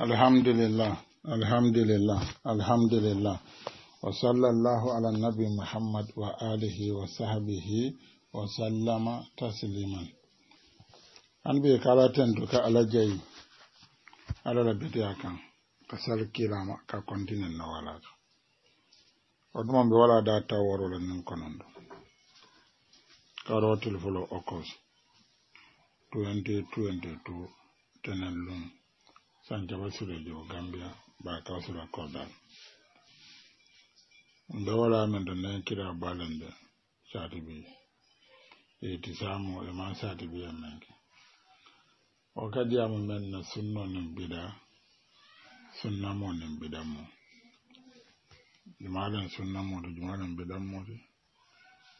alhamdulillah alhamdulillah alhamdulillah wa sallallahu ala nabi muhammad wa alihi wa sahbihi wa sallama tasliman an bai karatun duka alajayi alala bidiya kan kasar ma ka kontinan na wala o ɗuma ɓe wala da da nan kanan da karotil fulo okos 2022 tenen lum san jaba sule jo gambia ba kaw sula kordal nda wala men ɗo nan kira balande sati bi eti samu e ma sati bi en menke o kadi yamu men no sunno nin bida sunnamo nin bidanmo jumalen sunnamoto jumalen bidanmote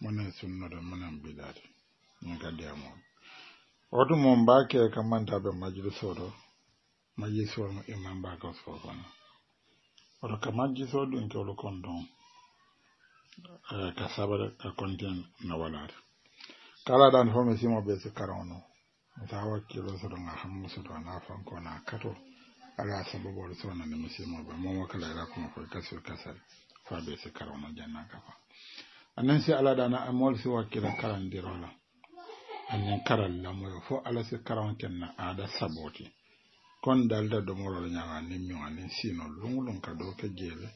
monen sunnoto monen bidate min kadi yamoɗo oto mo mbake kamantaɓe majlisoto majisol mo imam bakos ko kono oto ka majisol ɗum kewlo kondo ɗon ka sabara ka konten na walata kala dan fo mi simo karono si karano kilo sa wakkilo soɗo ga hammu soɗo ana fanko na kato ala sababol sonani mi simoɓe momo kala ira kuma koye kasio kasal fa ɓe si karano jannaka fa anan si ala dana amol si wakkila karandirola anen karal lamoyo fo ala si karan kenna ada saboti kon dalda domorol ñaga nimmiŋ aniŋ siinol luŋuluŋ ka do ke jeele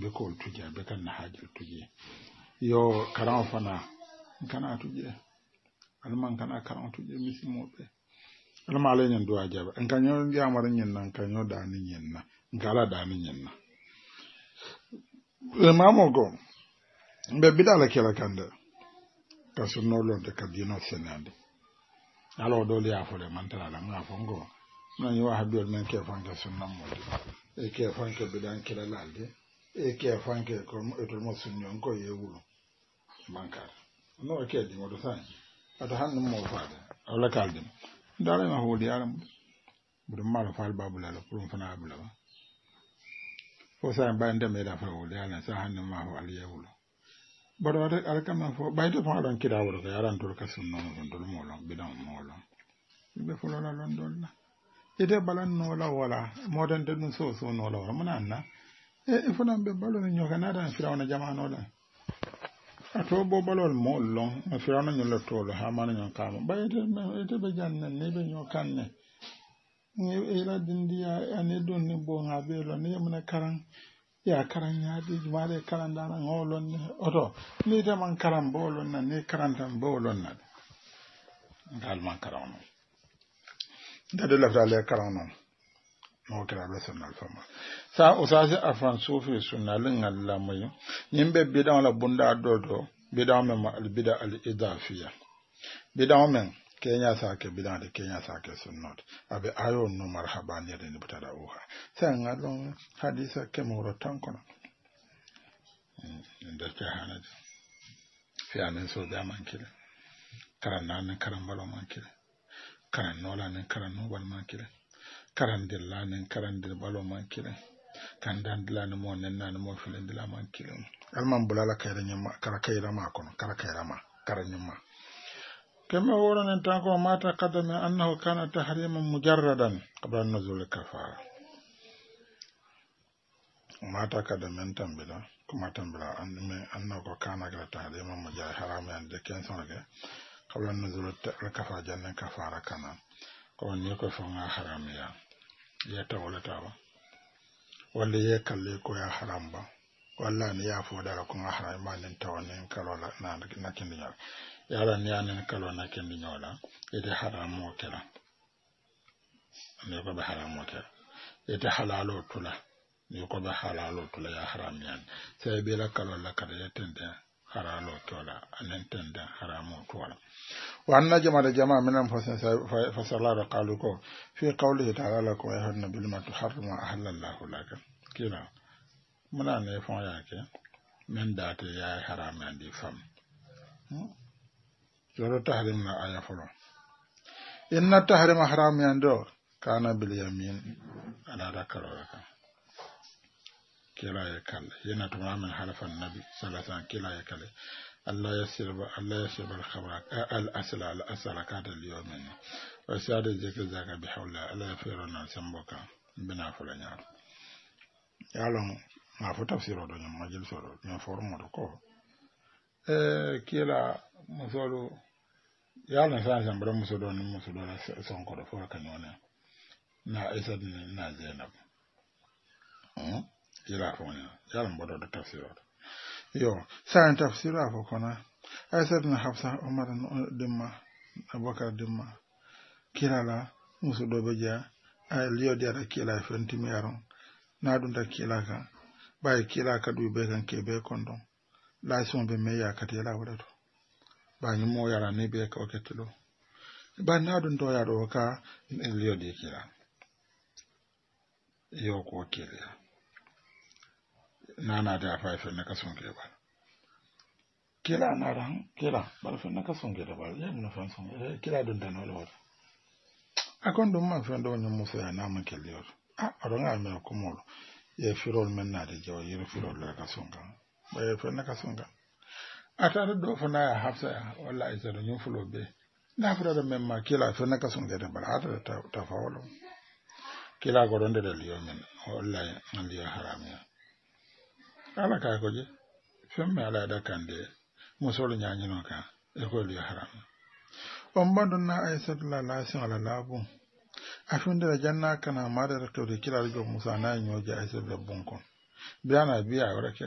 be ko tuje be kan ka haajir tuje yo karam fana nkana tuje kan nkana karam tuje misilimo ɓe alama ala ñiŋ duwa yo nka ño nyen nan na nka da ni nyen na nka ala ni nyen na le limamo bi mbe ke la kela kande ka sunnolonte ka diino senandi ala o doolu ye a fo le mantara la ŋa fo ngo na yi wahabiyar men ke fanke sunnan modi e ke fanke bidan kila lalde e ke fanke iturmo sunniyon ko ye wulu bankar no ke di modo sai ata hannun mo fada awla kaldim dala ma hodi aram budu maro fal babula la purum fana abula ba fo sai ban da me da fa hodi ala sa hannun ma ho aliya wulu bado wata alkama fo bayta fa don kira wuro ka yaran tur ka sunnon don dol molon bidan molon be fulola lon dol la ede balan nolaw wala modante ɗum so so nolaw wala mona anna e i e fonan ɓe balone ñoka natan firawna jamanoɗan a to bo balol mool lon firawna ñollottolo ha mana ñon kama ɓa ete ɓe jannen ni ɓe ñokan ne eladindiya ani donni bo ga ɓeelo ni yemne karan ya karan yaadiji maɗe karan dana olon ne oto ni teman karan bowlon na ni karantan bowlon na ngalman karawnon dade lafta le karan non no kira be sunna al fama sa o sa se afan sufi sunna le ngalla mayo nimbe bidan la bunda dodo bidan me ma al bida al idafiya bidan men kenya sa ke bidan de kenya sa ke sunnot abe ayo no marhaba ni de ni butada o ha sa ngalon hadisa ke moro tanko non ndar ta hanade fi anen so da man kila karan nan karan balo man kila karannola nin karannobal ma kilen karandilla nin balo ma kilen kandandila nin mo nenna nan mo filindila ma kilen alman bulala kayra nyama kara kayra ma kono kara kayra ma kara ma kema woro nen tan ko mata qadama annahu kana tahriman mujarradan qabla nuzul kafara mata tan bila kuma tambila an annahu kana gata tahriman mujarradan haram yan de ken kabla nuzulu kafa jannan kafara kana ko ni ko fo nga haram ya ya tawala tawa wanda ya kalle ko ya haram ba wala ne ya fo dara ko nga haram ma nin tawanin kalola na na kin ya yara ni ya nin kalo na kin nyola ite haram o kala ne ko ba haram o kala ite halalo tula ne ko ba halalo tula ya haram yan sai bila kalola kada ya tende haralo kewla anen tende haramo kuwala wa anna da jama minen fasalaro kalu ko fi da taala ko ya yahadna bilma tuharrimu ahallallahu laka kila muna ne fon yake min date ya harame andi fam yoro hmm? tahrim na aya folo inna tahrima harame ando kana bil yamin ala rakarora kam kila ya kale yana tuma min halafan nabi salasan kila ya kale Allah ya sirba Allah ya sirba al-khabra al-asla al-asla ka da liyomin wa sada jike zaka bi haula Allah ya fero na san boka bina fulanya yalon ma fu tafsiro do nyam majil soro e, ni formo do ko eh kila musolo yalon sa san bra musodo ni musodo son ko do fo kanone na isa na zainab jira fo nya yaran bodo da tafsiro yo sa'an tafsiro fo kona aisat na hafsa umar dimma abubakar dimma kirala musu dobe ja a liyo da da kila fenti yaron na dun da kila ka bai kila ka dubai kan ke bai kondo la son be me ya ka te la wada to ba ni mo yara ne be ka o ke ba na dun to ya ka liyo de kila yo ko kila nanata fay fenne ka ke bal kila na han kila bal fenne ka sonkede bal mun fen son kila ɗum danole wol a kon ma man fen ɗo Musa ya nama kelliyoto a oɗonga mira kumolo ye firol men da jawa yero firol lere ka sonkan ɓaye fenne ka sonkan ataɗo ɗo fona ya hafsa ya walla aissato ñum fulo be nafutata men ma kila fenne ka sonkede bal atata tafawolo kila ko da ndeɗa liyo men an liyo haramiya ala ka ko je me ala da kan kande musolu no ka e ko yo haram on mbaɗonna la lasin ala laabu afindira janna kana ma da maɗata kewde kira jo musa na nayi ñooje aissatula bunkon biyana biya warake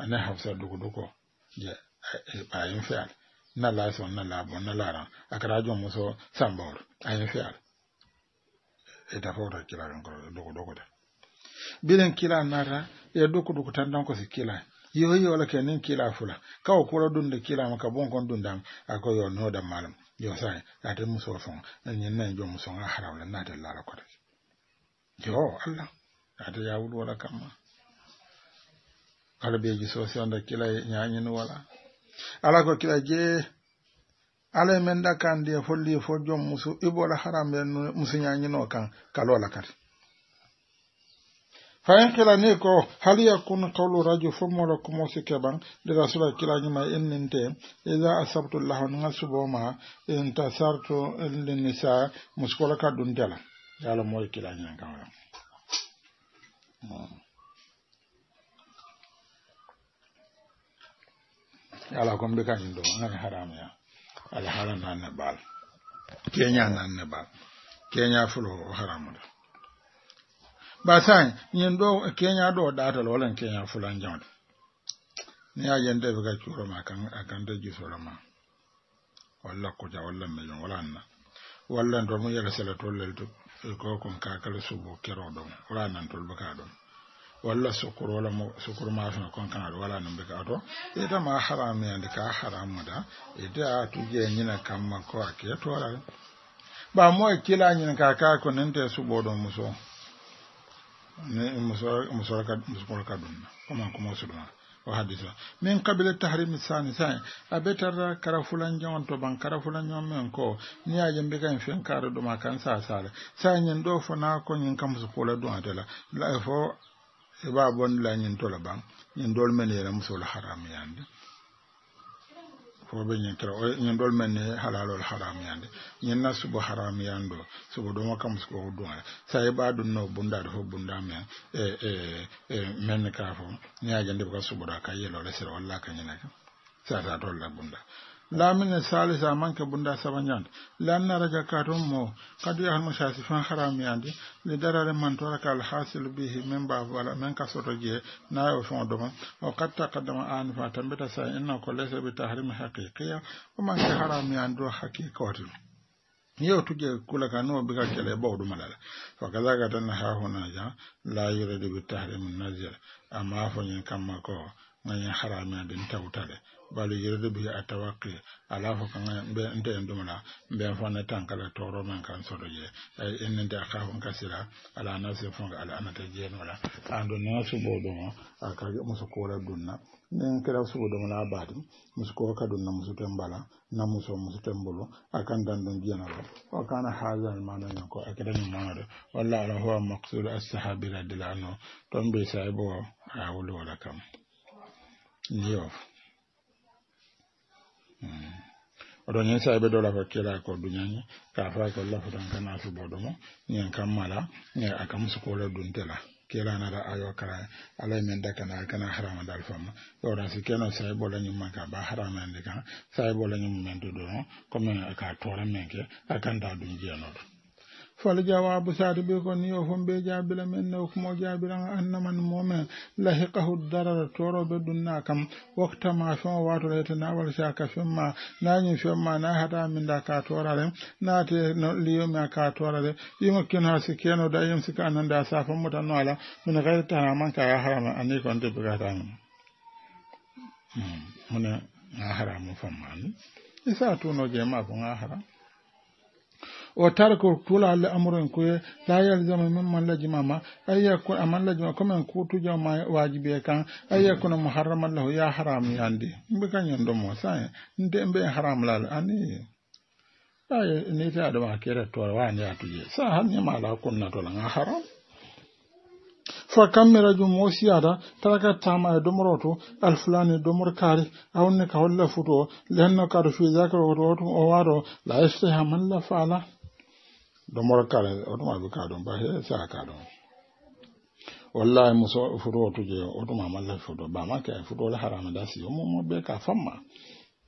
ane hafsa duguduko je eh, eh, yin feyal na la lason na la bu na la laran a jo muso sambor ayin feyal ita fota kilal duguduko da bilen kila nata ya duku duku tan tan ko si kila yo yola ke nin kila fula kawo kura dunde kila maka bon kon dundam ako yo noda malam yo sai ate muso fon nyen nan jo muso nga harawla nata lara ko yo allah ate ya wulu wala kama. kala beji sosi anda kila nyaanyin wala ala ko kila je ala men da kandi e folli fo jom muso ibola haram muso nyaanyino kan kalola kati fayinkila ni ko haliya kun kawlu radio fo molo ko mosi keɓan nde rasula kilañuma inninte ila asabtullahu nga suboma inta sartu linisa muskola ka duntela yala moy kilañe kawa yala hmm. kon mbi kañum do ngani haram ya ala hala nanne bal keña nanne bal keña fulo haramuda ba basan do kenya do da ta lolan kenya fulan jawde ni a yende ɓe ga cuuroma a kante jisoroma walla ko ja walla me mejon na walla do mu yaga sala to tollel to e ko kon kakala subo kero do wala nan tol baka do walla sukkur wala mo ma mafina kon kan do wala nan baka to e da ma haram haramiyande ka haram mu da e haramuda ita a tuje kan ma ko a ketorare ba mo e kila ñina ka ka ko nente suɓo ɗon muso ne musoraka ɗum oman ko mosuɗuma o haddisa min kabile tahrimi sani sai abe tarra kara fulanjaon to ban karafulan fulanjaon men ko ni ya yimɓe kan fen kara ɗuma kan sasare sai ñin ɗo fona ko ñin kam sukola atala la fo e ba bonde la ñin tola ban ñin dol men yera musol haram yande foɓe ñin kira ñin ɗol men ni halalol haramuyande ñin na subo haramuyanɗo subo ɗoma kam suko ho duŋa sayi ɓa ɗum no bundade fo bundamen e, e, e menni ka fo ñajande ka suboɗa ka yelole sira walla ka ñinaka sata la bunda lamine salisa manke bunda sabañande lanna raja katon mo kadu yahalmo fan fen di li darare man raka al hasil bihi min ba wala min ka na yo nayo do doma o kad taqaddama an fa tambita sa inna ko laysa bi tahrim haqiqiya o manke haramiyan do ni yau tuje kula ka bi bika kele ba wadu malala fa kaza ka tan ha hona ja la yuridu bi tahrim an-nazir amma fa yin kamma ko haram haramiyan din tawtale balu yirdu bi a tawakki ala kan be nte be na tankala toro man kan sodo je ay en ka hon kasira ala nafsi fo ala anata je wala ando su bodo musu dunna nen kira su bodo musu ko ka dunna musu tembala na musu musu akan dan wa kana walla ala huwa as-sahabi anhu a wulu wala kam Mm. oɗon hen sawi ɓe dola ko kira ko duñani ka fawi ko lafutan kana suboɗomo musu kam mala ñe akam sukole duntela kiranara ayo kara ala men da kana kana harama dal fama si keno sai bola nyum maka ba harama ndika sai bola nyum men do do ko men ka tora men ke akan da dum jeno do fal jawabu saatiɓe ko ni o fon ɓe jaabila men ne okumo jaabiran annaman momen lahiqahu darara toroɓe ɗumna kam woktama fen o wato rete nawal saka fenma nañin fenma na hata minda ka torare naate liyomi a ka torare imakkin ha sikkeno da yim sika ananda safan mutanno ala min gayri tahaman ka ya harama ani a hmm, je ma a o tarko tula alle amuren kuye la yalzama min man lajima ma ay yakun aman lajima comme kutuja ma wajibi kan ay yakun muharram lahu ya haram yandi mbe kan do mo sai nde mbe haram la ani ay ni ta da ma kera to wani atuje sa hanni mala na to lan haram fa kamera ju mo siada taraka tama e domoro to alfulani domor kare awne ka holla futo lenno kaɗo fi zakar woto o waro la ha man la fala ɗon mora kare otomaɓe ka ɗon bahe saha ka ɗon wallahi muso fotowotuje otoma mallahi foto bamake ay fotole harama da siyo momoɓe ka famma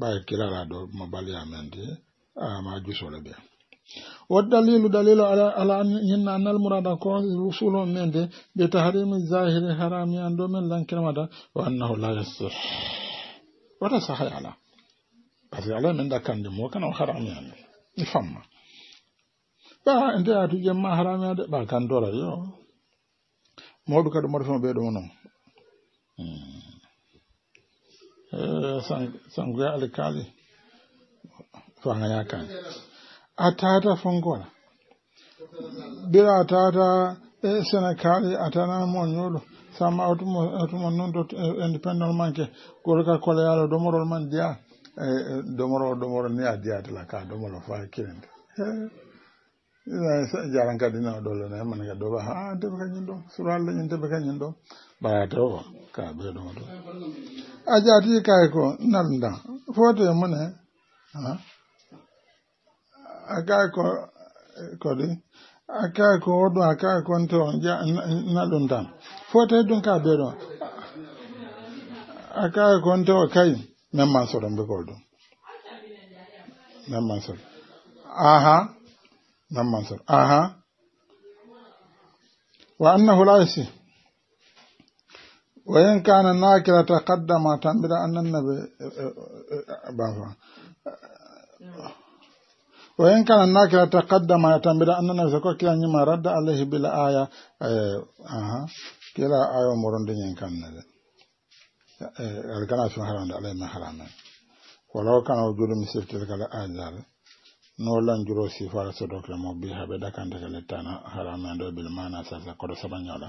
ɓay kiraraɗo mo baliya men di ama jusole ɓe wat dalilu dalilu ala ñinna annal mourada ko usulo men de ɓe taharimi zahiri harami an ɗo men lankirmada wa annahu la yassi wata sahay ala par ce que ala min dakkandi mo kana o harami an i famma ɓa nde atu jemma harami ade ɓa kan dorayo mawɗu kadi morfimo ɓeɗo noon sangria alikali fanganyakani atata fongola bila atata eh, senekali atana monyolo sama atuma nondo eh, independent manke kolka kole yalo domoro man dia eh, eh, domoro domoro ni adia tla ka domoro fa kirende eh, eh, jalan ka dina dole na man ga doba ha de ka nyindo sura le nyinde ba ka nyindo ba do ka be do a jaati kay ko nalda fote mune a kay ko kodi a kay ko wodu a kay konto nalɗum tan fote ɗum ka ɓeɗo a kay konto kai. men ma mbe ɓegol ɗum men ma soɗ aha men ma aha wa annahu la yasih وإن كان الناكرة تقدم تنبر أن النبي بافا وإن كان الناكرة تقدم تنبر أن النبي سكو كلا نما رد عليه بلا آية آه كلا آية مرون دين كان نبي الكلام في حرام عليه ما حرام ولو كان وجود مثل تلك الآية nolan juro sifara sodokle mo bi habe dakante kale tana harama do bil mana sasa kodo sabanyola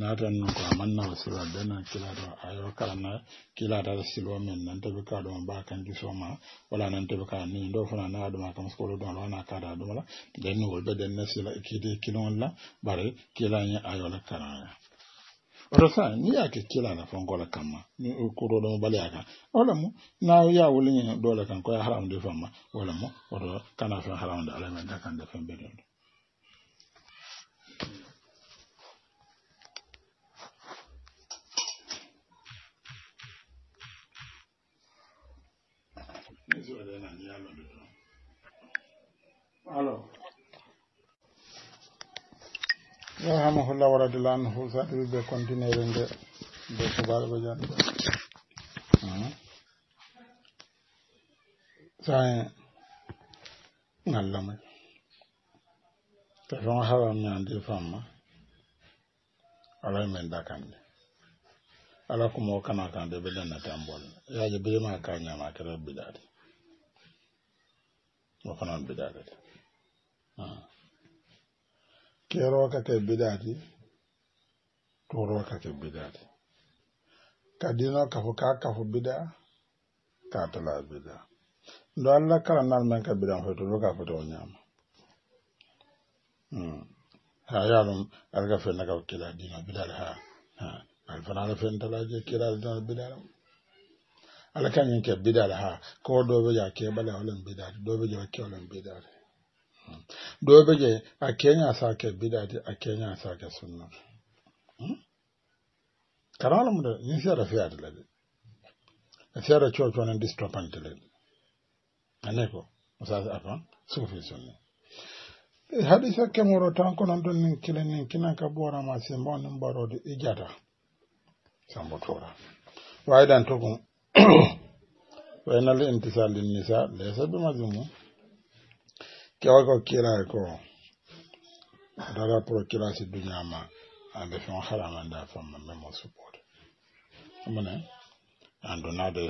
natan no ko amanna sura kala na ayo da kilada silo men nan ta ka do ba kan ji ma wala nan ta ka ni do fana na su ma kam skolo do na ka da do mala den no wolbe den na sila ikide kilon la bare kilanya ayo la kanaya rosa ni ya ke kila na fonko la kama ni kuro do bale aka wala mu na ya wuli ni dole kan ko haram de fama wala mu wala kana fa haram da alaman da kan da fen bedon alo rahmahullah waradila anhu saɗiri ɓe continuére nde nde subaɓe ɓe jan sae ngallamay tefon haram ñandi famma alay men dakande ala kumo kana ka o fanan ta kero ka ke bidati toro ka ke bidati kadino kafu ka kafu bida ka tala bida do Allah kala nan men ka bida hoto do ka foto nyama hmm ha yalum alga fe na ka kila dino bida ha ha al ta la fen tala je kila dino bida ala kan yin ke bidal ha ko dobe ya ke bala wala bidar dobe ya ke wala bidar dobe be a kenya sa ke bidar a kenya sa ke sunna yin hmm? sai da ni sara fi adala de sara chocho na distropant le aneko musa su fi sunna hadisa kemoro tan nan don nin kile nin kina ka bora ma sembo nin mbarode da ijata sambo tora waydan togon وإن الانتصال للنساء ليس بمذموم kewa ko kira da famma me mo support amana ando na da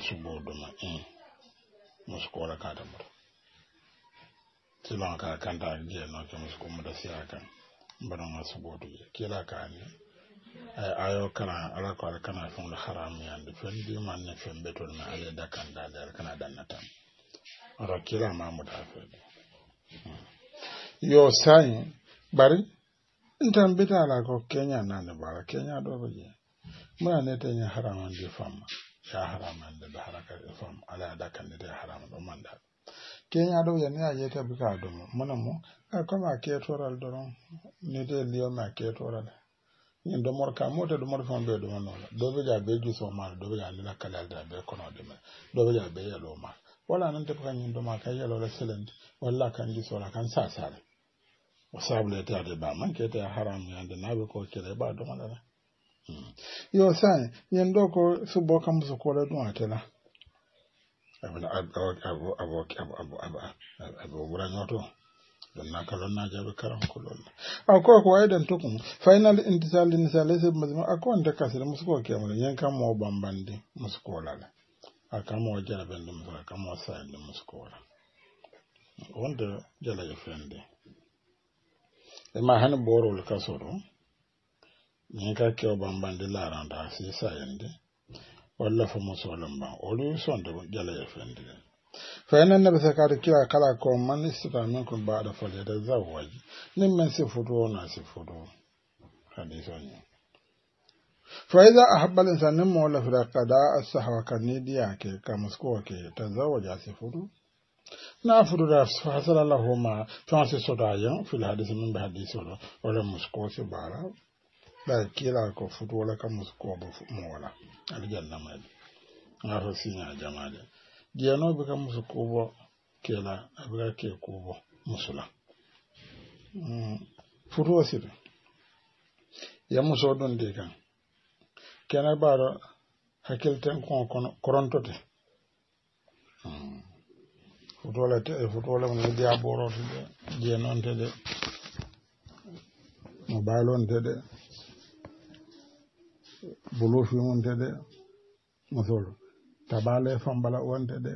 Eh, ayo kana ala al ala kana fon haram ya yande fendi man ne fembe to na ala da kan da da kana dannata ara rakira ma mu da fe hmm. yo sai bari intan bita ala ko kenya na ne bara kenya do ba je muna ne tan ya haram an de fam ya haram an da haraka da fam ala da kan da haram do man da kenya do ɗo yani a yiyata bika a domo mona mo a comme a ketoral doron nide liyome a ketoral ñin mor ka mota do mor be do non do be ja be juso ma do be ni la kala da be kono de me do be ja be ma wala nan te ko ñin do ma kay yelo la selent wala kan juso la kan sa sa o sable ta de ba man ke ta haram ya de na be ko kire ba do ma la yo sa ñin do ko su bo kam su ko la abo abo abo abo abo abo abo abo abo abo donna kalon na jaɓe karan kolol a ko ko tukun final intisali nisale se mazima a kowante kasire musuko kemre kam mo bambandi a kam mo kam mo wonde fende borol kasoɗo yen ka kew bambandi laranda si sayande walla olu sonde fende fayyana na bisa kada kira kala ko mani su tamin kun ba da fali da zawaji nin men si fudu na si fudu hadisi ne fayyana a habbal insanin mawala fi da kada a su hawa karni diya ke kamusko ke ta zawaja si fudu na fudu da fasala lahoma tun si so da yan fil hadisi min ba hadisi wala wala musko si bara da kira ko fudu wala kamusko ba mawala aljanna mai na diyanɔ bɛ ka muso kubɔ kɛla a bɛ ka kɛ kubɔ muso la furu siri ya muso dun de kan kɛnɛ b'a dɔn hakili tɛ n kɔn kɔrɔntɔ tɛ foto la te foto mun diya boro to de je non te de mo balon te de bulu mun te de mo tabala e fambala wonte ɗe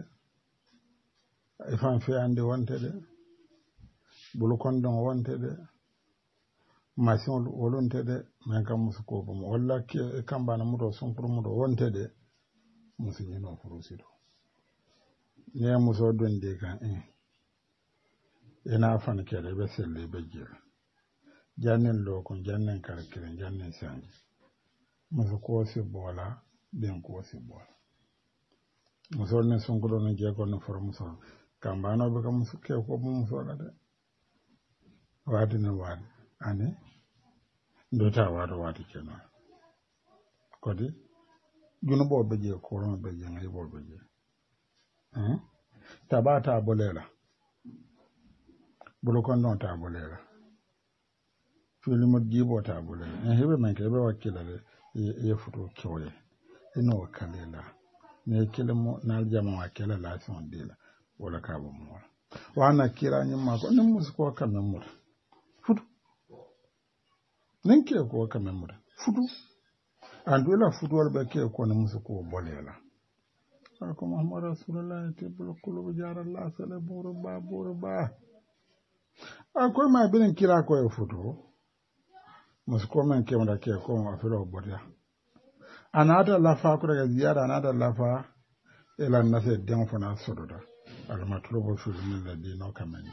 e fan feyande wonte ɗe bulukondon wonte ɗe masin wolonte ɗe min kam musu kobo mo bana e kambana muɗo sunkuru muɗo wonte ɗe musu ñino furusi ɗo ne muso donde kan en eh. ina e fan kede ɓe selle ɓe jeel jannen ɗo kon jannen kala jannen sanji musu ko bola den ko musol ne sonkuɗo no jeegol no fora muso kambanoɓe kam sukke ko mo musoɗa de waade no waade ane dota waaɗo waade kenon kodi junuɓoɓe je koroɓe je gayɓoɓe je taɓa tabolela bolokondon tabolela bo ta tabolela en heɓe men ke ɓe wakkila de ye futo kewoye ina wakalela ne kilimu naljama wa kela lafiyan dila wala ka ba mu wana kira nyin ma ko nin musu ko kamen mu fudu nin ke ko kamen mu fudu dole fudu wal ba ke ko nin musu ko bolela ko muhammad rasulullah ta bulu kulubu jara allah sala buru ba buru ba akwai ma e birin kira ko ya e fudu musu ko men ke mu da ke ko mu afiro bodia anata lafa ga ziyara anata lafa ila nasa den fana sododa almatlubu fi min ladina kamani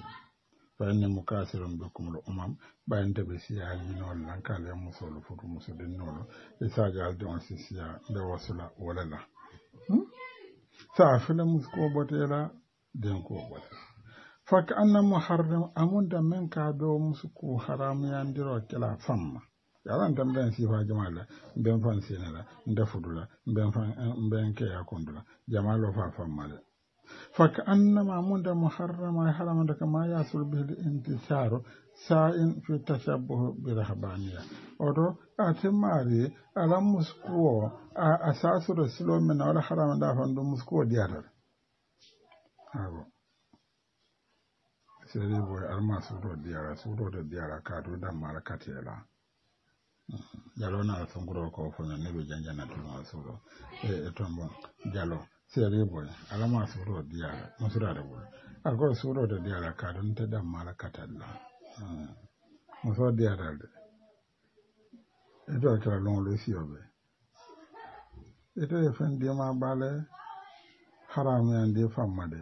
bayanne mukasirun bi kumul umam bayan da be siya halin wallan kale musulu futu musudin nono isa ga aldon siya da wasula walala hmm? sa fila musko botela den ko fa ka anna muharram amunda men ka do musku haram yandiro kila famma yaran tan ben sifa jamala ben fan senela ndefudula ben fan ben keya kondula jamalo fa male faka annama munda muharrama haramata kama yasul bihi intisaru sa'in fi tashabbuh bi rahbaniya oto mari alam muskuo a da silo na wala harama da fandu muskuo diatar hago sere boy diyara, suto diara suto de diara kadu damara katela jalo na songro ko fonya ne be janja na tuma solo e tombo jalo sere boy ala ma dia de boy de dia la ka don te da mala dia de e lon si obe e e fen dia ma bale haram de de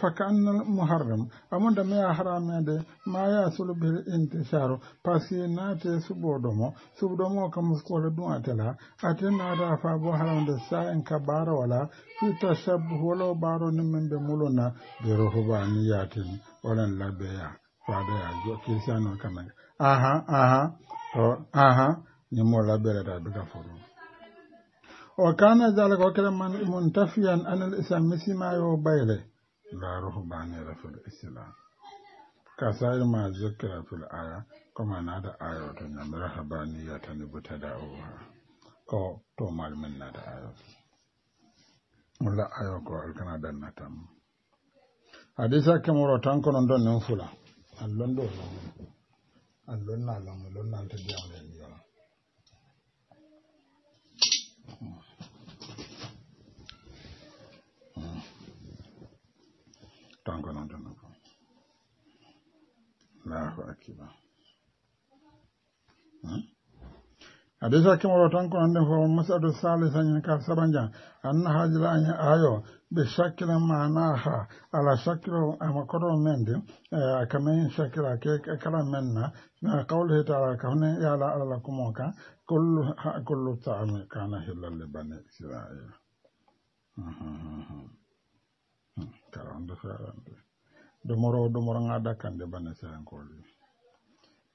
fakanna muharram amon da maya haramede ma ya yasulu bel intisaru par ce naate suɓoɗomo suɓɗomo kam kola ɗum atela ate naata fa bo haramde sa en ka bara wala fi tasabbu wolo baro ni min ɓe mulona be rohubani yaten walan labbeya faɓeya jo kirsianol kamen aha aha o aha nimo da duga furu. o kana dalika o kela man muntafiyan anal islam misimayo bayle la ruhubaniyata fil islam kasari ma zikra fil aya kama nada ayoto ñam ta ni buta da uwa ko to mal min da ayo mulla ayo ko alkana tam hadisa ke kemuro tan konon don nan fula allon do allon na lamu lon ya Thank you. Danke, danke, danke. Nach Akiva. hadisa kuma wata kun salisan yin kafsa banja an yi ayo bi shakilin ala shakilo a makoro mendi a kamen shakila ke kakara menna na kawulhe ta ala kafin ya ala ala kuma ka kullu ta karande feerande domoro dakan domoro bana kannde bane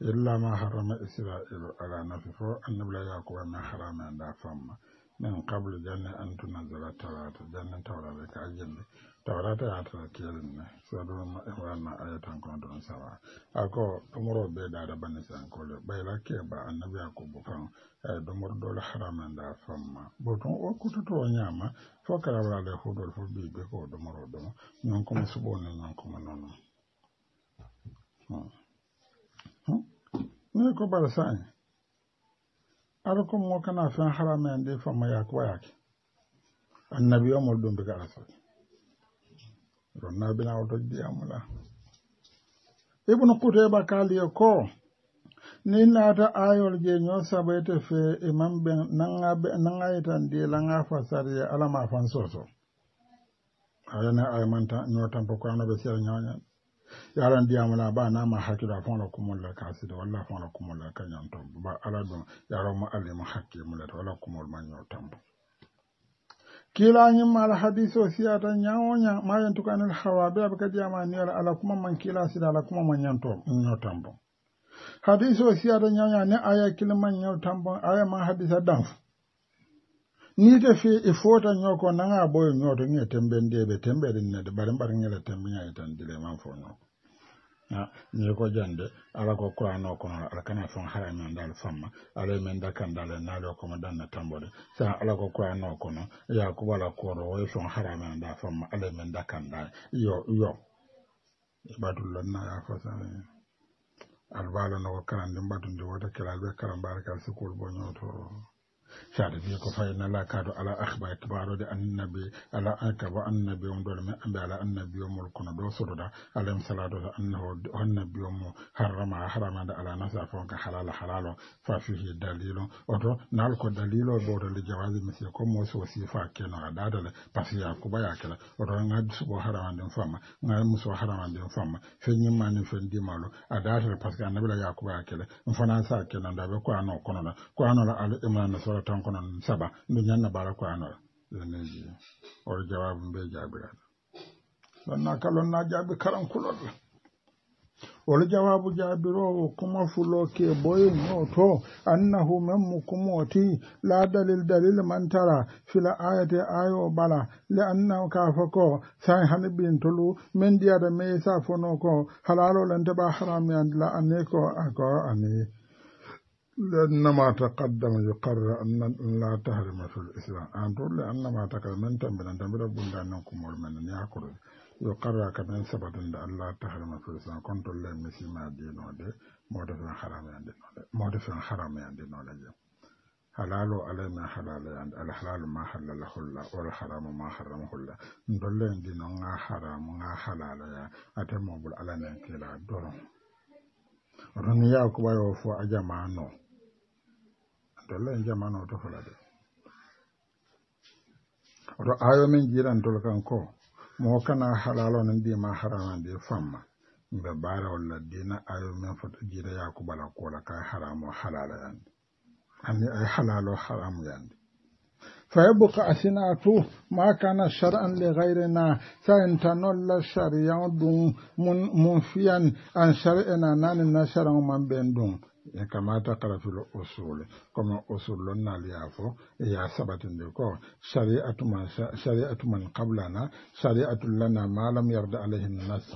illa ma harama isra'il ala nafi fo annabila yakuba min harama anda famma min qable janne an tunazala talata janne tawrare ka tawrata yatana kelinne sodoma e wanna aya tankon don sawa ako tumoro be dara bani sankole bayla keba annabi yakubu kan e eh, dumor dol haraman da famma boton o kututo o nyama fokara wala le hodol fo bi be ko dumoro don non ko musubo non non ko non hmm ne ko balasan ala ko mo kana fa haraman de famma yakwa yak annabi o mo dum be garasa ronna ɗon naabinawo tojjiyamula ibnu kuteba kaaliyo ko ni naata ayol je ñoo sabayte fee imam ɓe nangaytan dilanga fa sariya alama fan soso ayane ay manta ñoo tampo ko anoɓe seeɗa ñoñan yaran diyamula ba nama hakkilo a fonla kumolla ka sida walla fonla kumolla kañan tombo ba ala ɗum yaromo alimo hakke mulet wala kumol ma ñoo tampo Kila ala hadise o siyata ñawoña ma mayan hawa be aɓe kadi yama niyala ala kuma man kila sida ala kuma man yanto no tambon hadise o siyata ñawoña ne aya man ñaw tambo aya ma hadisa Ni nite fe e fota nyoko nanga boyo ñoto ŋe tembendeɓe tembeɗe nede bare mbar ŋela tembeñayi tan dile man fo ñoko Ah, ni ko jande ala ko qur'ano kono ala kana fon haramen dal famma ala men dakan dal naalo komo danna tambode sa ala ko qur'ano kono yakuba ala koro way fon haramen da famma ala men dakan dal yo yo batullanna ya fasa eh. albala no ko karande mbatunde wota kelal be karambare kal sukul bo nyoto shaɗa biyu ko fayna la kado ala ya akhbar da annabi ala anka ba annabi on ɗole min ambe ala annabi mulku na dosu da alayhim salatu da annahu annabi harama harama da ala nasa fa fonka halala halalo fa fi fihi dalilo oto naal ko dalilo bo da ɓowtole jawasi monsieur ko mo sosi fa ke keno a ɗadale par ce que yakuba yakela oto ga suɓo haramanden famma ga muso haramanden famma feñimmani fen dimalo a annabi par ce que annabila yakuba yakele fana sa ke na da ɓe ko ano na ko anola ala imana sora sura tankonon saba ndu ñanna bara ko anora leneji or jawabu mbe jaabiraɗo sonna kalon na jaabi karankulolla wala jawabu jaabirowo kuma fulo ke boyin noto annahu men mu kumoti la dalil dalil mantara fila ayate ayo bala le annahu kafa ko sai hani bin tulu men diyada me sa fono ko halalo lante ba harami andila ane ko ako ane لأنما تقدم يقرر أن لا تحرم في الإسلام أن تقول لأنما تقدم من تنبلا تنبلا بندا أنكم ورمنا يأكل يقرر كمن سبت أن لا تحرم في الإسلام كنت لا مسيما دينه دي موت في الحرام يندينه موت في الحرام يندينه لجم حلال على ما حلال عند الحلال ما حلله الله والحرام ما حرمه الله ندل يندينه حرام حلال يا أتمو بالعلن كلا دورم رنيا كبار وفو أجمعنا tella en jamano to fulade oto ayo min gidan kan ko mo kana halalo ma ndima haramande famma mbe bara walla dina ayo min foto la ko la ka haramo halala yan anni ay halalo haramu yande فيبقى أثناءته ما كان شرعا لغيرنا سينتنول شريع دون منفيا عن شرعنا نان شرع من بين دون kama ta rafi usul kuma usulun na liyafo ya sabatin da ko shari'atu man qablana shari'atu lana ma lam yarda alaihi nas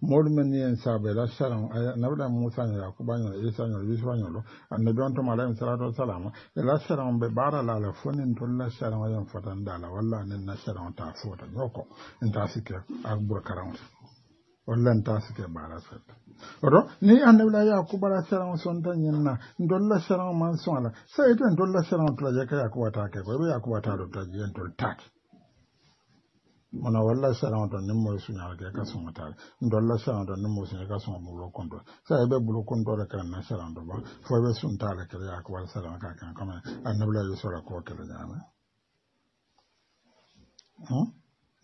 moolu men musa yakuba isa annabi on tuma alayhim salatu wasalama ela salam e be baara la la la walla na salam ta fota ñoko wallan ta suke barasar Oro, ni an wula ya annabla yakuba la saran son tan yinna ndolla saran man sun ala sai to ndolla saran to ya kaya kuwa ta kai ko yakuba ta do ta yin to tak mana walla saran to nim mo sunya ga ka sun mata ndolla saran to nim mo sunya ka sun mu ro kondo sai be bulu kondo da kan na saran do ba fo be sun ta la ku yakuba saran ka kan kuma an kama annabla yusura ko ta kare jama'a hmm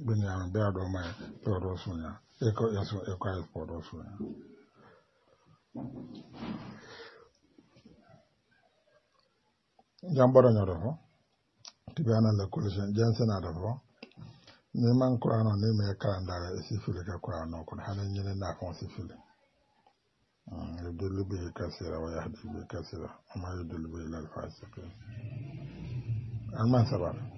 bin ya be do mai to do sunya Ecco, adesso, ecco il poro su. Jambara nyoro ho. Tibana la kulishan jansen adafo. Neman kurano ne me kanda sifili ka kurano kun hanen nyine na kon sifili. kasira به كثيرا ويهدي به كثيرا وما يدل به إلى الفاسقين المنسبة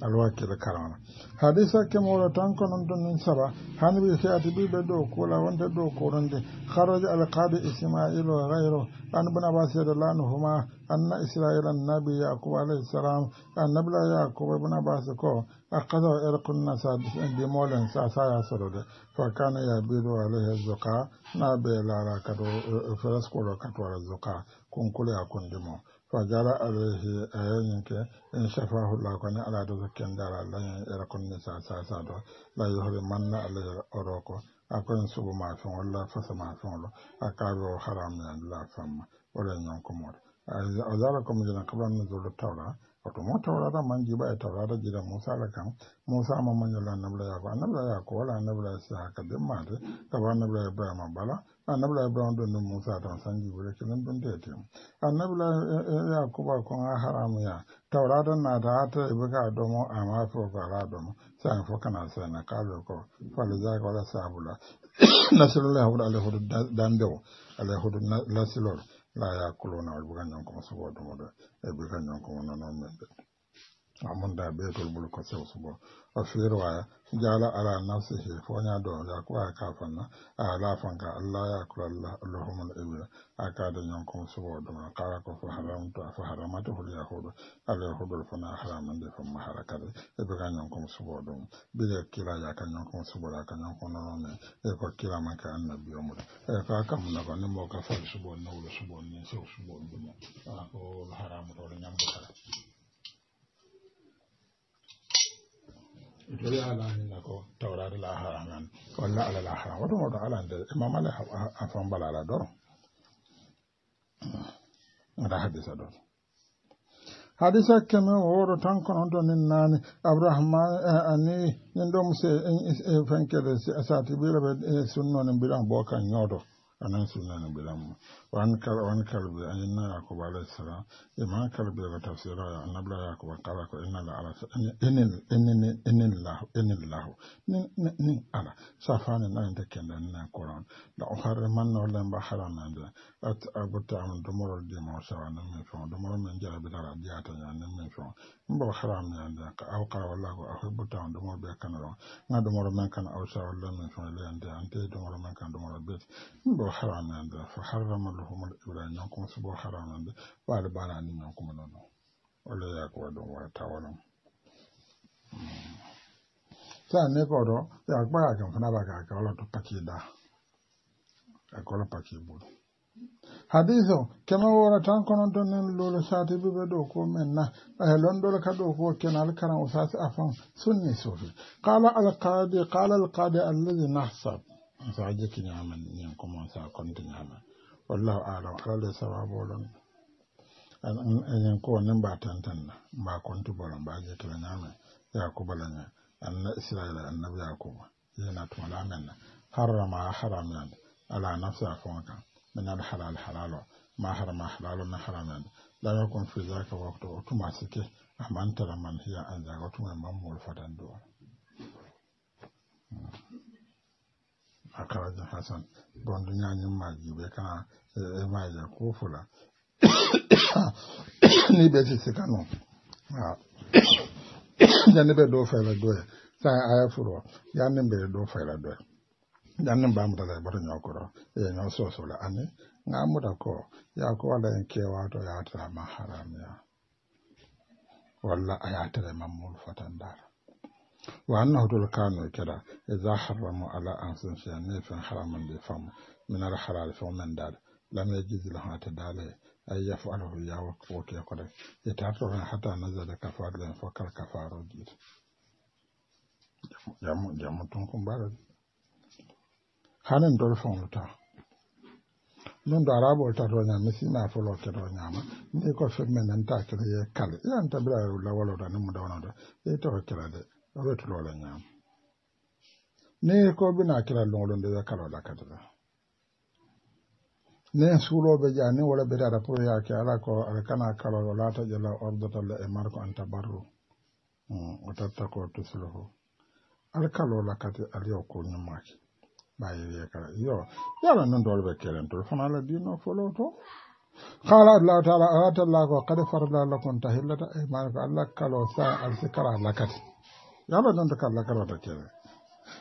alwakila karana hadisa kemoro tan konon ɗon nin saba hanbi seati ɓiɓe dow kuula wonde dow koronde haraja alkadi ismail o gayro an bun abasede lanuhuma An israil annabi yakuba alayhi salam annabila yakuba bun abas ko akada o erkunna sa dimolen sa saya sorode fa kana yabido alayhi zoka na ɓe lara kato eh, eh, fraskuɗo katowara zoka kunkule a kundimo wa jara alaihi a yayin ke in shafa hula kwani ala da zakken dara lanyan irakun nisa sa sa do la yuhri manna alaihi oroko akwai subu mafin wala fasa mafin wala a kabewa haram yanzu lafiyar ma wurin yankun mota a zara kuma jina kabar nuzulu taura wato mu taurara man ji ba taurara gidan musa da kan musa ma manyan annabla ya ko annabla ya ko annabla ya sai haka din ma gaba annabla ya baya ma bala annabla ah, brown don ɗum musa tan sanji wure ah, eh, eh, ya ɗum detem annabla yakuba kun a haramu ya don na da hata ibe ka ɗomo a fofo ala ɗomo sani fo kana na kaɓe ko ka wala sabula la yahuɗo alahuɗo dambewo alahuɗo nasilol la yakuluna wal buga ñonkomo sugo ɗumo ɗo e buga kuma na nan ɗe amunda ɓeytol ɓol ko sew subo o firwaya jala ala nafsihi foña do yakuwaya ka fanna a lafanka allah yakulallah allahumul ibra a kada ñonkom subo ɗuma kala ko fo haramtu fo haramatahul yahudu alyahudol fona haramande famma hara kadi eɓe ka ñonkom subo ɗum ɓiɗe kila yaka ñonkom suboɗa ka ko ñonkom nonone e ko ma kilamanke annabi omuɗa e fa kamunako ni mboka fal subo nawlo subo ni sew subo ɗuma ko haramutoɗo ñamdo kala dole ala ni na ko taurari la harangan walla ala la wato wato ala da imam ala afan balala doro ada hadisa doro hadisa keme woro tan kono to nin nani abrahman ani eh, nin do musse en eh, eh, fenkede sati birabe sunno nin biran bokan nyodo nan suna bilanmu wani mu. wani karbi an na yakubu alayhi salam imam karbi daga tafsira ya annabi la yakubu kala ko ina da ala inin inin inin lahu inin lahu nin ala safani nan da kenda nan kuran da ohar man no lan ba harana da at abuta am dumoro di mo sawana min fon dumoro min jabi dara diata nan min mbo haram ya ñande ka aw ka walla ko afe buttaw ɗumor ɓe kana ɗon ga ɗumoro men kan awsa walla min fo leyande ante ɗumoro men kan ɗumoro beeti mbo haram ya fa haram harrama luhumol ibra ñonkomo sobo haram ñande ɓaade ɓaanani ñonkomo noon walla yaako wa ɗum wala tawalam hmm. sa ne ko do ya ɓaya kam fana ɓa ka lo to pakiɗa ka kola paki ɓuɗum hadiso kema wora tan kononton nen lolo satibi ɓe do ko men na eh, londol ka do ko kenal karan o sasi afan sunni sufi qala qadi qala qadi alladhi nahsab sa jeki ñaman ko mo sa konti ñaman wallahu alam lon An ñin ko nin mba na, mba konti bolon mba jekila ñamen yakuba an na israila nabiya ko yina tumala men na harrama haram ala nafsa fon kan من الحلال حلال ما حرم حلال من حرام لا يكون في ذلك وقت ka سكي أما أنت لمن هي أن ذاك وتما ممول فتندور akarajin hassan gondo yanyin magi bai kana maje ko fula ni bai sisi kano da ni bai do faila doya sai a ya furo ya ni bai do dɔ ye. yannin ba mu da labarin kuro eh, ya na so so la ani nga mu da ko ya ko wala yin wa to ya ta ma haramiya walla a ya ta ma mul fatan dar wa anna hudul kanu kira idza haramu ala ansin shi ne fin haramun da fam min al halal fa man dar lam yajiz lahu ta dale ay yaf'aluhu ya wa ko ke ko da ya ta to hatta nazala kafaru fa kal kafaru mu ya jamu tun kun bara hanen dol wuta non a arabo ta do nyama si na folo ta do nyama ni ko fe men nan ta kire ye kale ya ta bra yo la wolo da mu da wono da e ta ko kire de o to lo la nyama ne ko bi na kire lo lo de kala la kata da ne sulo be ja ne wala be da pro ya ke ala ko ala kana kala ta jala ordo ta le e marko ta barru mm, o ta ko to sulo ala kala la ta ali ko nyama bayiriye kala yo yala non dole be kelen to fana la dino folo to qala allah taala ata allah ko qad farada lakum tahillata e man ko allah kala sa al zikra lakat yala non to kala kala to kelen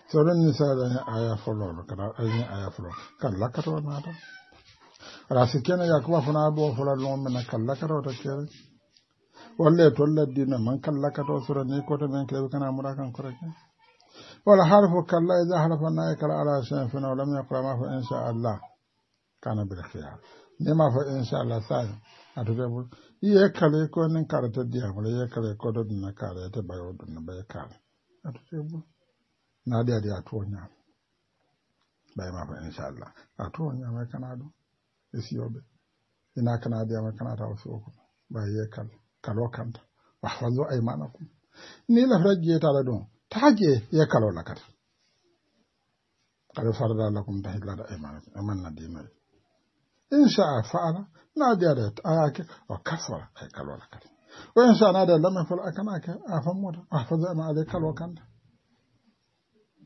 to ren ni sa da kala ayi aya folo kala lakato na ta rasi kenan ya kuma fana bo folo lon men kala kala to kelen walle tolla dina man kala kala sura ni ko to men kebe kana muraka kore kan والحرف كلا إذا حرف النائي كلا على فنو لم يقرأ ما فإن شاء الله كان بالخيار نما فإن شاء الله ثاني أتجابل يكون كون كارت ولا يكالي يكون دون كارت بيو دون بيكار أتجابل نادي أدي أتوانيا bai ma fa insha Allah a to wani mai kana do isi yobe ina kana da mai kana ta wasu uku ba ye kal kalo kanta wa fazo ai mana ku ni la rajje ta la don taaje ye kalola kata kada farda lakum tahillata aymanakum amanna dinayi insha faala naajade ayake o kasora hay kalola kata o insha naade lame fol akanake a fammuta a fadama ade kalo kanta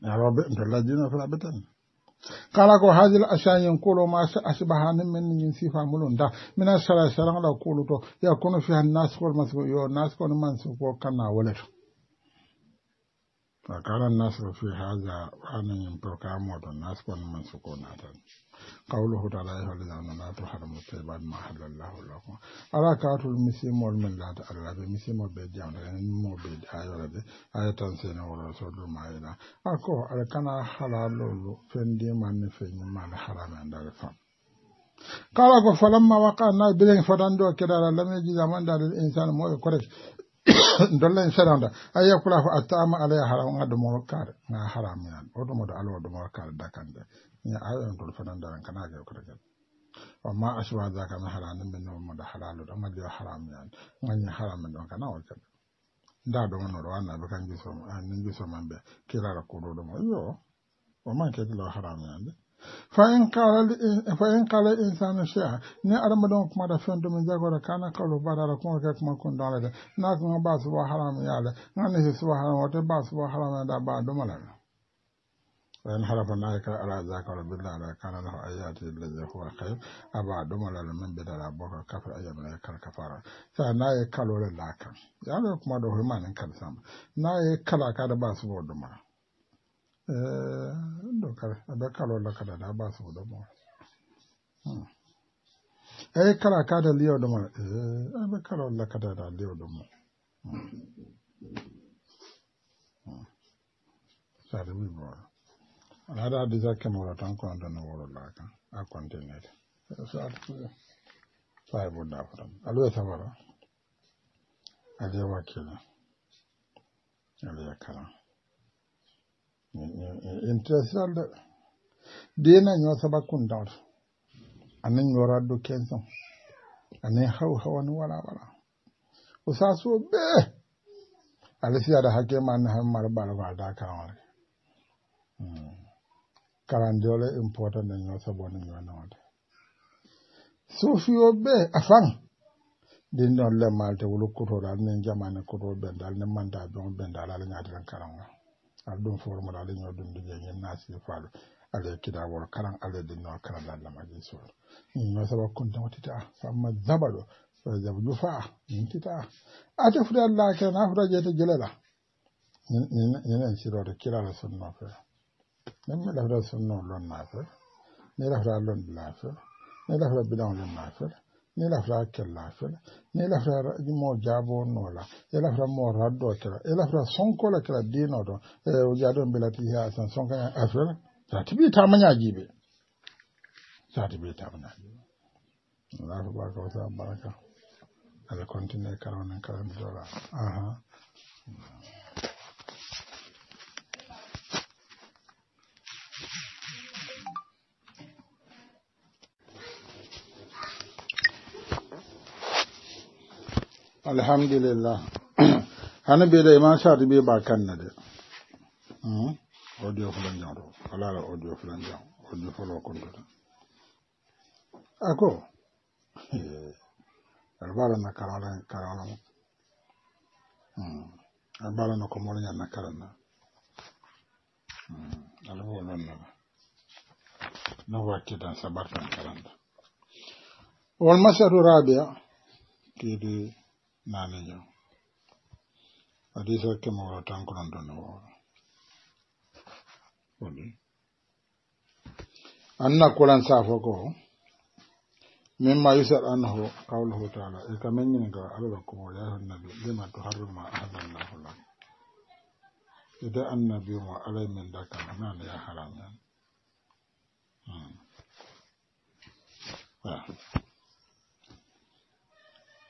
yaroɓe to lajjino fota ɓeten kala ko hajil asayen kolo ma asbahanin min yin sifa mulun da mina sara sara la kolo to ya kono fi hannas kol masgo yo nas kono man ko kana wala to وقال الناس في هذا وأنا ينبقى موت الناس كون من سكوناتا قوله تعالى أيها الذين لا تحرموا الطيبات ما حل الله لكم ألا كاتو المسيم والملات ألا بمسيم وبيجان مو بيج آية ولد آية تنسين ورسول ما إلى أكو ألا كان حلال لولو فندي من فين ما الحرام عند الفم kala ko falamma waqa na bilen fotando kedara lam yaji zaman da al insan mo e korek dolla en seɗa onda a yekkula ko attama alaya haram on addu morokkade ga haram yan o ɗum oɗo alwa ɗo morokkade dakande ña ayon tol fenandaran kana ga jew koto gel wamma aswa daka mi harani min nomoɗo halaluɗo malliyo haram yan gañi haram men ɗon kana o jaɓe nda ɗo wonnoɗo wannaɓe kan jusomi ra ko kirara kuɗoɗomo yo o ke kedilo haram yande fayin kala insanin shiha ne armadon kuma da fiye domin jagora kana kalu ba da kuma kai kuma kun dole da na kuma ba su ba haram ya na ne su ba haram wata ba su ba haram ya da ba a domala da wani harafin na aikar ala za ka rabu da ala kana da ayya ta yi lalle kuma kai a ba a domala da min bidara boka kafin ayyar mai kar ka fara sa na yi kalorin da kan ya ne kuma da hulmanin na kalaka da ba su bekalolla eh, kada da ba su da mo e kala kada liyo do mo e bekalolla kada da liyo do mo sare mi ala da tan no woro la a sai da fara kala interessal de dina ñoo saba kundar anan ñora do kenson anan haw hawan wala wala usaso be alisiya da hake man har mar balwa da kan wala hmm. karandiole important na ñoo saba ni ñoo na wala sofiyo be afan din don le malte wulu kuto dal ne jamane kuto ben dal ne manda don ben dal ala nyaati kan karanga ya faru a aɗum formude ala ño ɗum ɗo jeeñen naasi faalu ala kidawol kalan ala dinnoo kalan da sol ño saba kuntamo tita famma daba ɗo jabu jufa min tita ate fude allah kena fuda jeete jelela ñinen sirode kilala sunnoo fe nen mi lafuda sunnoo lonnaa fe mi lafuda londilaa fe mi lafuda bidaŋo lonnaa fere ni lafita kella fele ni lafita mo jabo no la e lafita mo raddo la e lafita sonko la kela dino do e o jadon belati ya san sonko ya afela ta tibi ta ji jibe ta tibi ta manya jibe Allah baraka wa baraka ala continue ka karan dola aha alhamdulillah hani ɓe da iman sha ɓe ba kanna hmm? audio audio audio ako na karala karala hmm. mo hmm. na na dan wal masaru rabia naani jam hadisa kemo wala tan konontone wooro woni kulan saafo ko mimma yusal anhu qawluhu taala e ala nabi lima lak ida annabi mo alay e min ya haram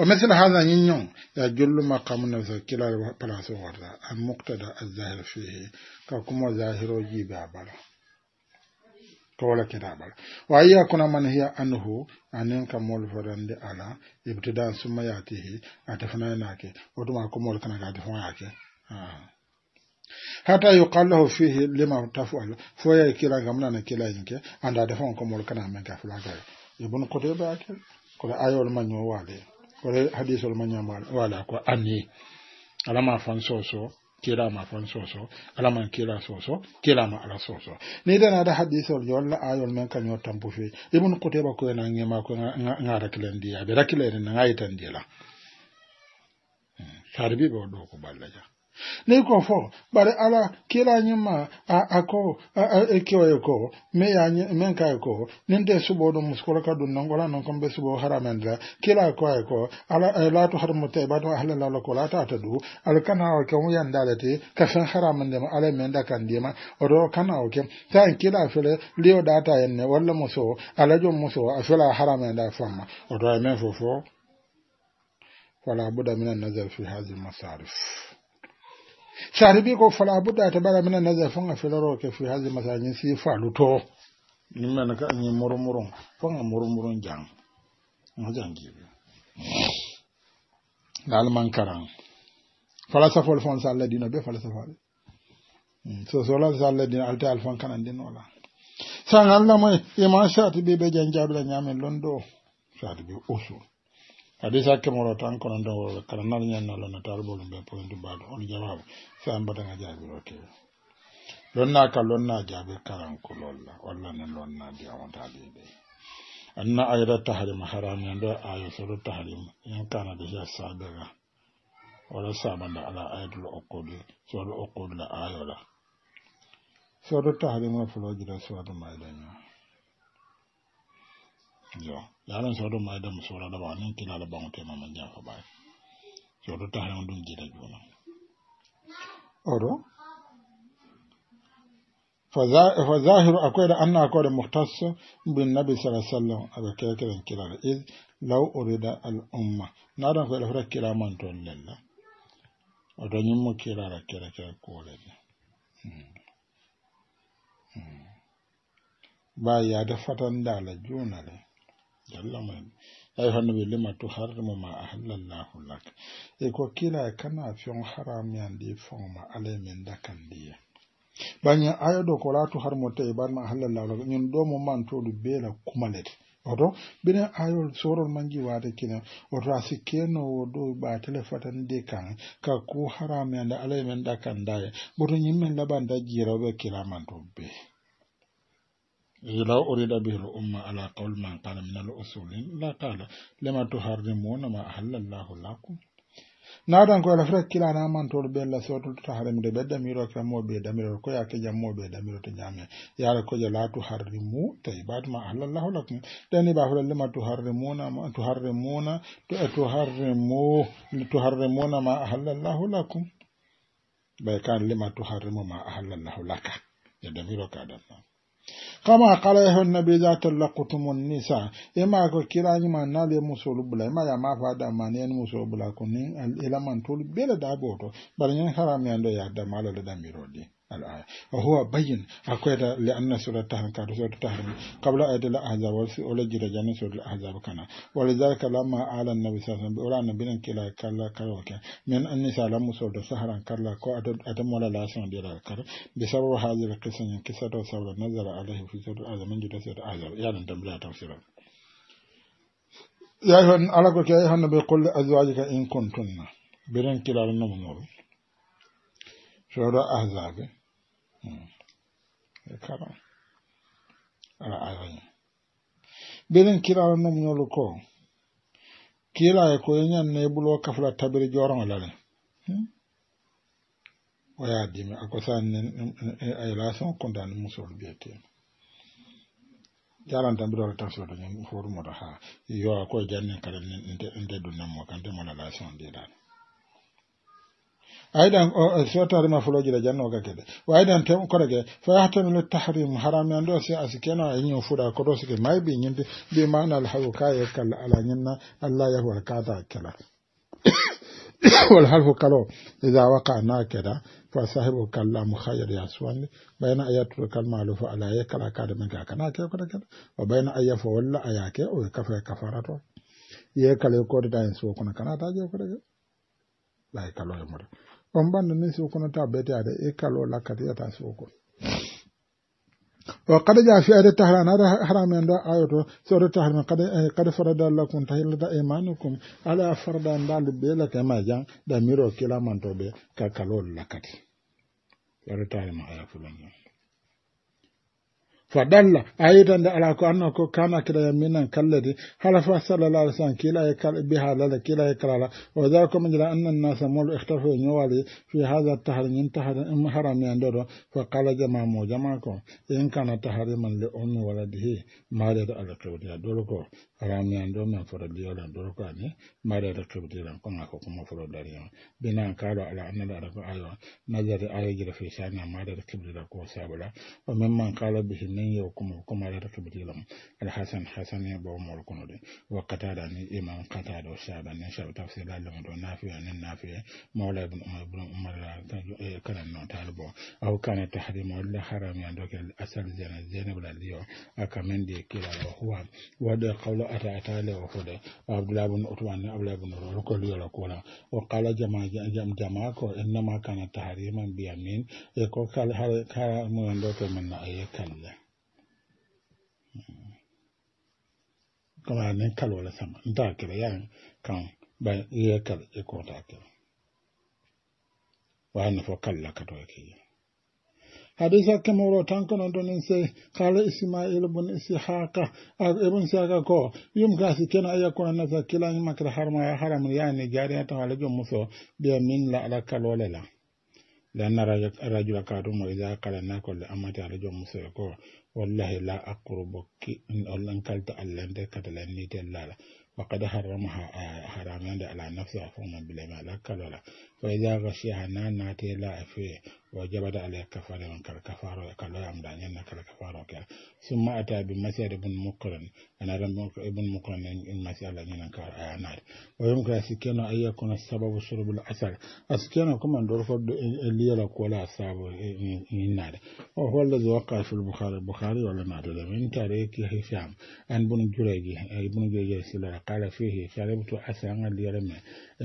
wa misl hadha nyinyon ya jullu ma kamna sa kila pala so warda al muqtada al zahir fihi ka kuma zahiro ji ba bala to wala kida bala wa ayya kuna man hiya anhu anin ka mol farande ala ibtidan summa yatihi atafna nake ma ko mol kana ga tafna yake hata yuqallahu fihi lima tafal fo ya kila gamna na kila yinke anda da fon ko mol kana men ka fulaga ibn qutayba akil ko ayol man yo wale kore hadisol ma ñamala wala ko ani alama fan soso kilama fan soso alaman kila soso kilama ala soso ni da hadisol yo la ayol men kanyo tampu fe ibn ko na ngema ko ngara kilen dia be na dia la sarbi bo do ko fo, bari ala kere anyị ma akọ ekio eko me ya anyị me nka eko ni ndị esugbo ọdụ muskọrọ ka dun nangwara nan kan besugbo haramendra kela ako eko ala e, la to har mutai ba to ahla la ko la ta du kana o ke mu yan dalate ka san haramende ma ala men da kan dema odo kana o taa ta en kela fele leo data en ne walla muso ala jom muso afela haramenda fama odo men fofo wala abuda minan nazar fi hazi masarif saribi ko fala budda ta bara mina nazafin a filaro ke fi hazi masajin si falu to nimma na kan ni murmurun fon a murmurun jan majan gibi lalman karan falasafol fon salladino be falasafol hmm, so sola salladino alta alfon kanan din wala san allah mai iman shati be be jan jabla nyamen londo shati be usul hadisa kemoro tan kono dow kala nar ñannalo no taalbolum ɓe pointi baɗo on jawabu sa mbaɗaga jaabiro kewe lonna ka lonna jaabe lolla walla ne lonna diyamotaɗiɗe anna ayra tahrima harami en ɗo aya soro tahrim en kanade hiya sabaga wala sabanda ala ayatul okkudi soro okkudi la ayola soro tahrim o fulojira suratu maidaño yo yaran sodo ma da mu sura da ba nan kina ban te ma ja fa bai yo do ta hayan dun jira juna oro fa zahiru akwai da anna akwai da muhtas bin nabi sallallahu alaihi wasallam aga kira kiran kira da iz law urida al umma na dan ko da fara kira man to lalla odo nyum mo kira da kira kira ko le ba hmm. hmm. ya da fatan da la juna le sallama ya yi hannu lima tu mu ma a halallahu lak e ko kila kana fiyon haram ya di fon ma alai min da kan diya banyan ayo do ko latu harimu ta yi bar ma halallahu lak nyin do mu man to du bela kumalet oto bine ayol sorol manji wata kina oto a sikkeno wo do ba tele de kan ka ku haramyande alaye men ɗa kan da jira yimmen kila jiroɓe kilamanto be لو أريد به الأمة على قول من قال من الأصول لا قال لما تحرمون ما أحل الله لكم naɗan ko ala fota kilana mantoɗo ɓe allah sotolto to haramide ɓe damiro kammo ɓe damirol ko yake jammo ɓe damiro to ñaame yaara koje laatu harri mu tawi batuma ahlallahu lakum ɗani ba fota lima to harre muna to harre muna to harre mu to harre muna ma eh, ahallallahu lakum ɓay kan lima to mu ma ahallallahu kama kala hon nabi za ta laqutum nisa ema kira kira man na le musulu bula ema ya ma fada man en musulu bula kunin al ilaman bela da boto bar nyen haram ndo ya da malala da mirodi al'aya wa akwai da li'anna surata hanka da surata harbi qabla adala ala annabi sallallahu alaihi wasallam bi ura annabi kila kala kala wa kan min anni salam musurata saharan kala kara ala ayoyi birin kirara nom ñolu ko kiilaye ko ye ñanne bulo kafula tabiri joroŋo lale o dimi a ko tan tan sodo ha yo ko jannin aidan sotare ma fulojire jannoga kede o aidan tem korege fa yahtamilu tahrim a ñin fuɗa koto sike mana ala allah wal kalo na fa sahibu ya bayna ala ya kala kada min ka kana ke kada kada wa bayna walla ayake o kafa kafarato ko da yin so kuna kana ta je kalo ya mura ban eh, da nan sokuna ta bata da e kalo la ka ta soko wa qad ja fi ayati tahra na haram da ayatu sura tahra qad qad farada lakum tahilla imanukum ala farda an dal bela kama jan da miro kila man to be ka kalo la ka ti ayati tahra ma ayatu lan فدل أيضا على أنه كان كلا يمينا كالذي هل فصل الله لسان كلا يكال بها لذا كلا يكرر وذلك من جل أن الناس مول اختفوا نوالي في هذا التهر انتهر إم حرام يندر فقال جماع مجمعكم إن كان تحريما لأم ولده ما رد على كبدي دولكو حرام يندر من فرد يولا دولكو أني يعني، ما رد كبدي لن كنا كما فرد لريم بنا قالوا على أن الأرق آيوان نظر آيجر في شانها ما رد كبدي لكو سابلا وممن قال به nin yo kuma kuma ala to bitilam al hasan hasan ya bo mo kono de wa qatada ni imam qatada wa shaba ni shaba tafsir la lam do nafi wa nan nafi mawla ibn umar ibn umar la kana no talbo aw kana tahrim wala haram ya do kel asal zena zena bla liyo akamen de kila wa huwa wa da qawlu ata ata la wa huda abdullah ibn utwan abdullah ibn umar ko liyo la kola wa qala jamaa jam jamaa ko inma kana tahriman bi amin ko kala kala mo do ke man na ayyakalla kama ne kalo la sama n nta kira ya kan ba iya kal e ko ta kira wa na fo kalla ka to ke hadisa kama wuro tan kono don en se kala ismail haka, ishaqa ibn saka ko yum ga si kana aya kono na zakila ni makra harma ya haram ya ni jari ta wala jom muso biya min la ala kalo la la لأن رجل كادو مو إذا قال ناكل أمتي على جم مسيكو والله لا أقربك إن أولن كالت ألن دي كتل نيت الله وقد حرمها آه، حرامان على نفسها فوما بلما لا كالولا فإذا غشيها نان ناتي لا في وجبت عليه كفارة كالكفارة كالوية أمدانينا كالكفارة كال ثم أتى بمسير ابن مقرن أنا رم ابن مقرن المسيرة لنا كالآيانات ويمكن أسكينا أن يكون السبب شرب الأسل أسكينا كما فرد اللي لك ولا أصاب النار وهو الذي وقع في البخاري البخاري ولا ما أدري من تاريخ هشام أن بن جريج ابن جريج قال فيه شربت اللي رمي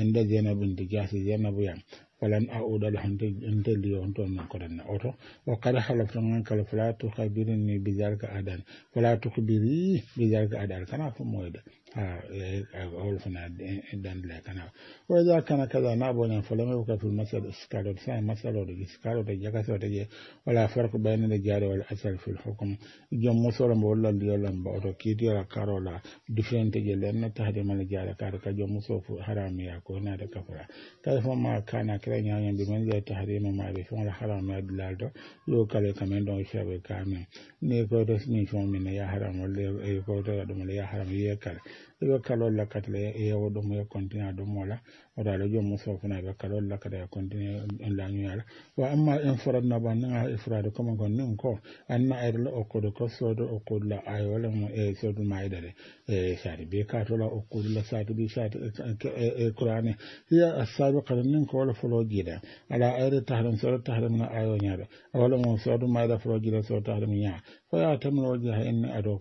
inde zeinabu nti jasi zeinabu yan falan auda lahum nte liyo on toon min na oto o kada halafto gan kala fala tukabirni bisalka adan biri bizar bisalka adan kana fo da أول فنا دان لا كنا وإذا كان كذا نابون فلم يبقى في المسألة إسكال سان مسألة إسكال وتجاك سوى تجي ولا فرق بين الرجال والأسر في الحكم جم مسلم ولا ليولم بأرو كيدي ولا كارولا دفن تجي لأن تهدم الرجال كارك جم مسلم حرام يكون هذا كفر كيف ما كان كلا يعين بمنزلة تحريم ما بيفون الحرام يدلالدو لو كلا كمان دون شابه كامل نيكو تسمي شو من يا حرام ولا يكو تقدم لي يا حرام يكال i be kalol la ka tila i ye wo kontina domo la oɗo aɗa joom mum sofuna ɓe kala olla kada e continue en lañoyala wa amma en foratna na naga a ah, frade da kon nin ko anna ayrala okkude ko soodo okkudulla ayole mo e eh, soodu maydade e eh, saati be katola okkudulla saati bi saati e eh, qurane hiya assabi kada nin ko wala folo da ala ayre tahdam soodo tahdam na ayo ñaɗo wala mo soodu mayda folo jiida soodo tahdam ñaa foya tamnoje ha en aɗo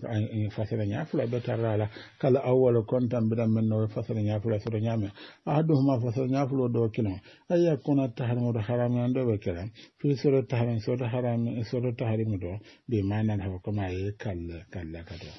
fasira ñafula da tarrala kala awwala na wani mbiɗan men no fasira ñafula soto ñamen aɗum ma fo so ñafulo do kilon ayya kona taharimo do harami an do ɓe kiran fi soto taharim soto harami soto taharimu do ɓe manan hafa a ye kalle kalle ka do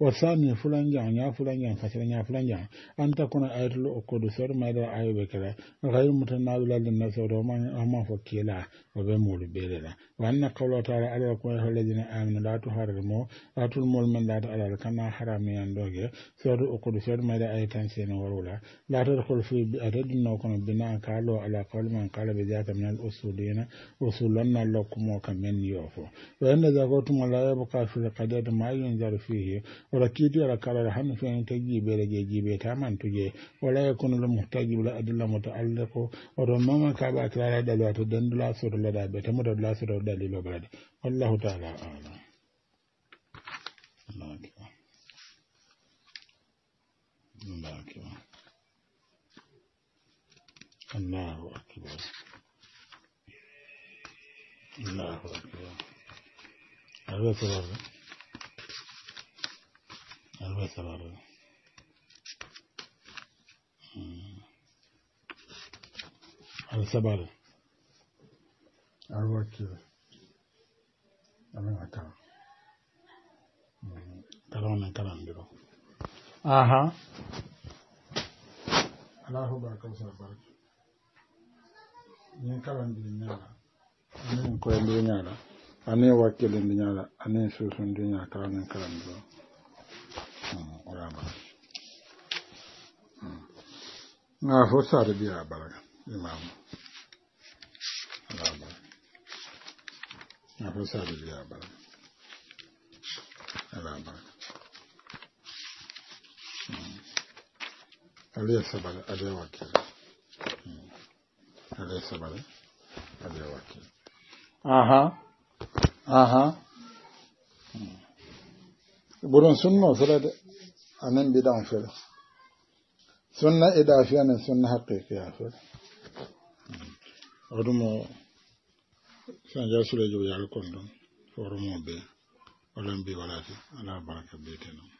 wasani fulan jan ya fulan jan ka ya fulan jan an ta kuna ayatul okodo sor ma da ayu be kala ghayr mutan na dulal na so do man amma fo kila wa be mulu be la wa anna qawla ta'ala ala ko haladina amna la tu harmo atul mul man la ala kana haram yan doge sor okodo sor ma da ayatan sen warula la ta khul fi bi adadin no kono bina ka lo ala qawl man qala bi zata min al usulina usulanna lakum wa kamen yofo wa anna zakatu mala ya bukafil qadad ma yunzar fihi ولا كيدي ولا كارا رحم فين تجيب رجي جيب تامن تجي ولا يكون المحتاج ولا أدلة متعلق ورمما كابا كلا دلوات دندلا سر لدا بتمر دلا سر دليل وبرد والله تعالى أعلم الله أكبر الله أكبر الله أكبر الله أكبر الله أكبر o sababu hmm. al sababu al wacce amin a kan kalan nan kalan biro aha alahu ba kausa barki nin kalan bi nyala anin koyan bi nyala anin wakilin bi nyala anin susun dunya kalan kalan biro na fo sare biya baraga imam alaba na fo sare biya baraga alaba aliya sabale aliya wakili aliya sabale aliya wakili aha aha burin sunno fere de anan bidan fere sunna idafiya ne sunna haƙƙi haqiqiya fere oɗumo sanja sulejo yal kon ɗon forumo be olan mbi walati ala baraka betenon